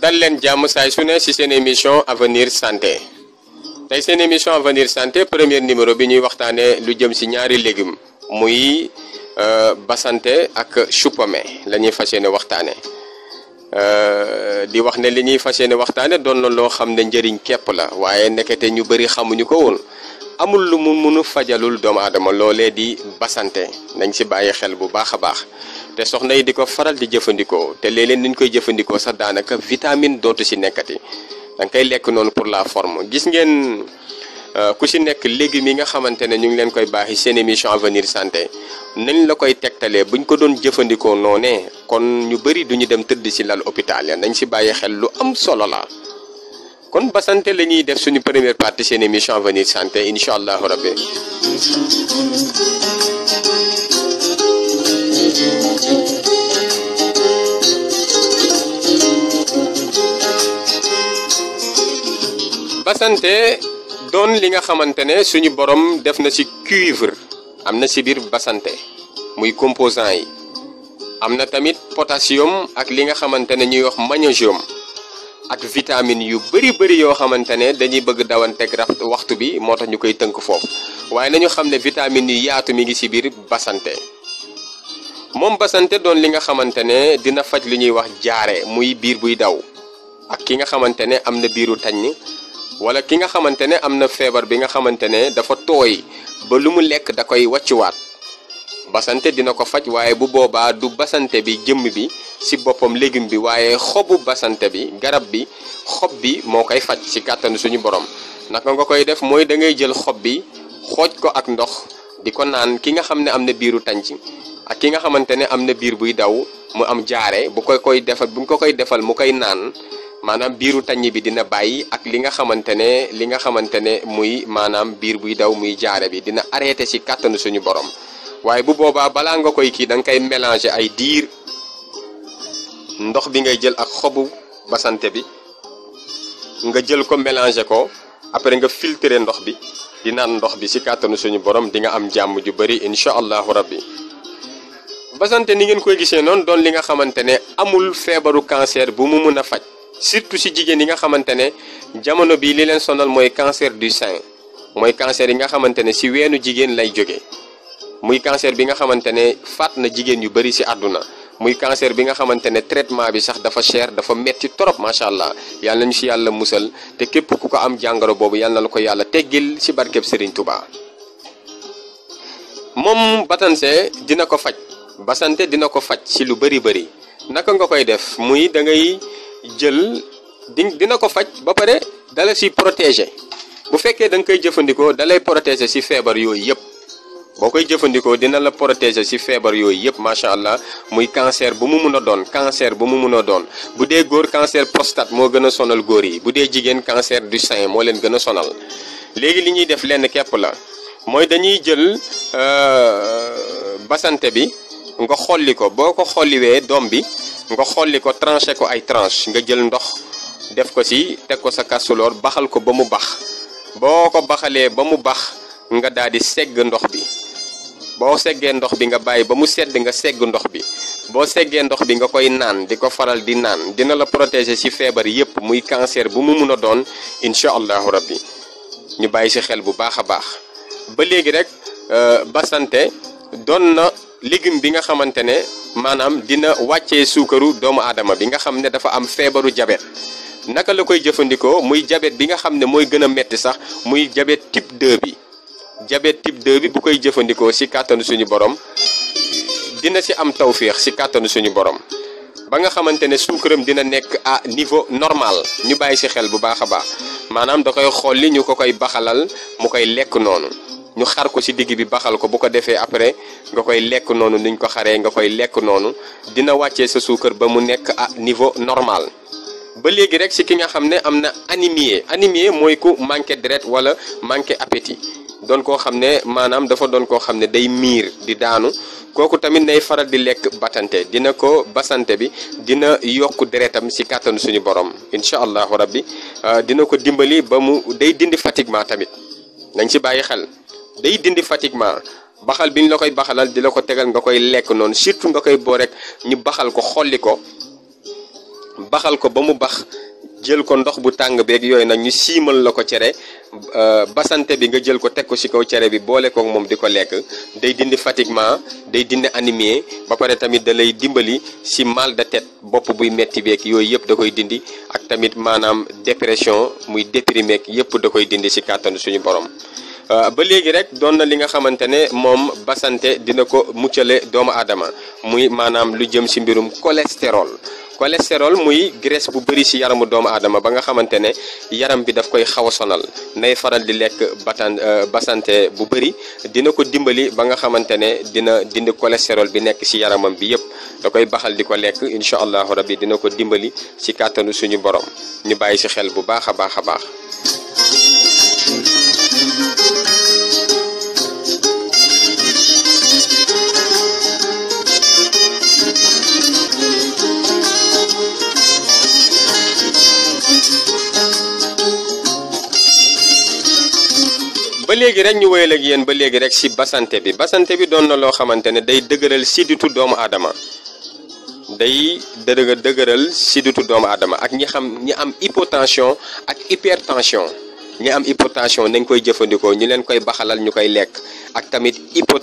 dal leen jàmm saay su ne ci seen émission avenir santé tey seen émission avenir santé premier numéro bi ñuy waxtaanee lu jëm ci ñaari légumes muy euh, basante ak choupame la ñuy fas yéene waxtaane euh, di wax ne li ñuy fas yéene waxtaane doon na loo xam ne njëriñ kepp la waaye nekkete ñu bëri xamuñu ko woon amul lu mu mënu fajalul doomu aadama loolee di basante nañ ci bàyyi xel bu baax a baax te soxna yi di ko faral di jëfandikoo te léeg-léeg niñ koy jëfandikoo sax daanaka vitamine dootu si nekkati da nga koy lekk noonu pour la forme gis ngeen euh, ku si nekk légumes yi nga xamante ne ñu ngi leen koy baaxi seen émission avenir santé nañ la koy tegtalee buñ ko doon jëfandikoo noonee kon ñu bëri duñu dem tëdd si lal hôpital ya nañ si bàyyi xel lu am solo la kon basante lañuy def suñu première partie seen émission venir santé incha allahu rabbi basante doon li nga xamante ne suñu borom def na ci cuivre am na ci biir basante muy composant yi am na tamit potassium ak li nga xamante ne ñuy wax magnésium ak vitamine yu bëri bëri yoo xamante ne dañuy bëgg dawanteeg waxtu bi moo tax ñu koy tënk foofu waaye nañu xam ne vitamine yu yaatu mi ngi ci biir basante moom basante doon li nga xamante ne dina faj lu ñuy wax jaare muy biir buy daw ak ki nga xamante ne am na biiru tañ ni wala ki nga xamante ne am na feebar bi nga xamante ne dafa tooy ba lu mu lekk da koy wàccuwaat basante dina ko faj waaye bu boobaa du basante bi jëmm bi ci boppam légume bi waaye xobu basante bi garab bi xob bi moo koy faj ci kàttanu suñu borom naka nga koy def mooy da ngay jël xob bi xooj ko ak ndox di ko naan ki nga xam ne am na biiru tànc ak ki nga xamante ne am na biir buy daw mu am jaare bu koy koy defal bu ko koy defal mu koy naan maanaam biiru tàññ bi dina bàyyi ak li nga xamante ne li nga xamante ne muy maanaam biir buy daw muy jaare bi dina arrêté ci kàttanu suñu borom waaye bu boobaa balaa nga koy kii danga koy mélanger ay diir ndox bi ngay jël ak xobu basante bi nga jël ko mélanger ko après nga filtrer ndox bi di naan ndox bi ci kàttanu suñu borom di nga am jàmm ju bari incha allahu rabbi basante ni ngeen koy gisee noonu doon li nga xamante ne amul feebaru cancer bu mu mun a faj. surtout si jigéen yi nga xamante ne jamono bi li leen sonal mooy cancer du sein mooy cancer yi nga xamante ne si weenu jigéen lay jóge muy cancer bi nga xamante ne faat na jigéen yu bëri si àdduna muy cancer bi nga xamante ne traitement bi sax dafa cher dafa metti trop macha allah yàlla ñu si yàlla musal te képp ku ko am jàngaro boobu yàlla na la ko yàlla teggil si barkeb Serigne Touba. moom Batanse dina ko faj Basante dina ko faj si lu bëri bëri naka jël di dina ko faj ba pare dala si protéger bu fekkee danga nga koy jëfandikoo dalay protéger si feebar yooyu yëpp boo koy jëfandikoo dina la protéger si feebar yooyu yëpp macha allah muy cancer bu mu mun a doon cancer bu mu mun a doon bu dee góor cancer prostate moo gën a sonal góor yi bu dee jigéen cancer du sein moo leen gën a sonal léegi li ñuy def lenn kepp la mooy dañuy jël euh, basante bi nga xolli ko boo ko xolliwee doom bi nga xolli ko tranché ko ay tranche nga jël ndox def ko ci teg ko sa casserole baxal ko ba mu bax boo ko baxalee ba mu bax nga daal di segg ndox bi boo seggee ndox bi nga bàyyi ba mu sedd nga segg ndox bi boo seggee ndox bi nga koy naan di ko faral di naan dina la protéger ci feebar yépp muy cancer bu mu mun a doon incha allahu rabbi ñu bàyyi ci xel bu baax a baax ba léegi rek euh, Basante doon na. légume bi nga xamante ne maanaam dina wàccee suukaru doomu aadama bi nga xam ne dafa am feebaru jabet naka la koy jëfandikoo muy jabet bi nga xam ne mooy gën a metti sax muy jabet type 2 bi jabet type 2 bi bu koy jëfandikoo ci kàttanu suñu borom dina ci am tawféex ci kàttanu suñu borom ba nga xamante ne suukaram dina nekk à niveau normal ñu bàyyi ci xel bu baax a baax maanaam da koy xolli ñu ko koy baxalal mu koy lekk noonu ñu xar ko ci digg bi baxal ko bu ko defee après nga koy lekk noonu niñ ko xaree nga koy lekk noonu dina wàccee sa suukar ba mu nekk à niveau normal ba léegi rek ci ki nga xam ne am na anémie anémie mooy ku manqué deret wala manqué appétit doon koo xam ne maanaam dafa doon koo xam ne day miir di daanu kooku tamit nay faral di lekk batante dina ko basante bi dina yokk deretam ci kàttanu suñu borom incha allahu rabbi ah, dina ko dimbali ba mu day dindi fatiguement tamit nañ ci bàyyi xel. day dindi fatiguement baxal bi ñu la koy baxalal di la ko tegal nga koy lekk noonu surtout nga koy boo ñu baxal ko xolli ko baxal ko ba mu bax jël ko ndox bu tàng beeg yooyu nag ñu siimal la ko cere euh, basante bi nga jël ko teg ko ci kaw cere bi boole kook moom di ko lekk day dindi fatiguement day dindi anémie ba pare tamit da lay dimbali ci mal bopp buy metti beeg yooyu yëpp da koy dindi ak tamit maanaam dépression muy déprimé yëpp da koy dindi ci kàttanu suñu borom. Euh, ba léegi rek doon na li nga xamante ne moom basante dina ko muccale doomu aadama muy maanaam lu jëm ci mbirum cholestérol cholestérol muy graisse bu bëri ci yaramu doomu aadama ba nga xamante ne yaram bi daf koy xaw a sonal nay faral di lekk batan euh, basante bu bëri dina ko dimbali ba nga xamante ne dina dindi cholestérol bi nekk ci yaramam bi yëpp da koy baxal di ko lekk incha allahu rabbi dina ko dimbali ci kàttanu suñu borom ñu bàyyi ci xel bu baax a baax a baax ba léegi rek ñu wéyal ak yéen ba léegi rek ci basante bi basante bi doon na loo xamante ne day dëgëral sidditu doomu aadama day dëgë dëgëral sidditu doomu aadama ak ñi xam ñi am hypotension ak hypertension ñi am hypotension nañ koy jëfandikoo ñu leen koy baxalal ñu koy lekk ak tamit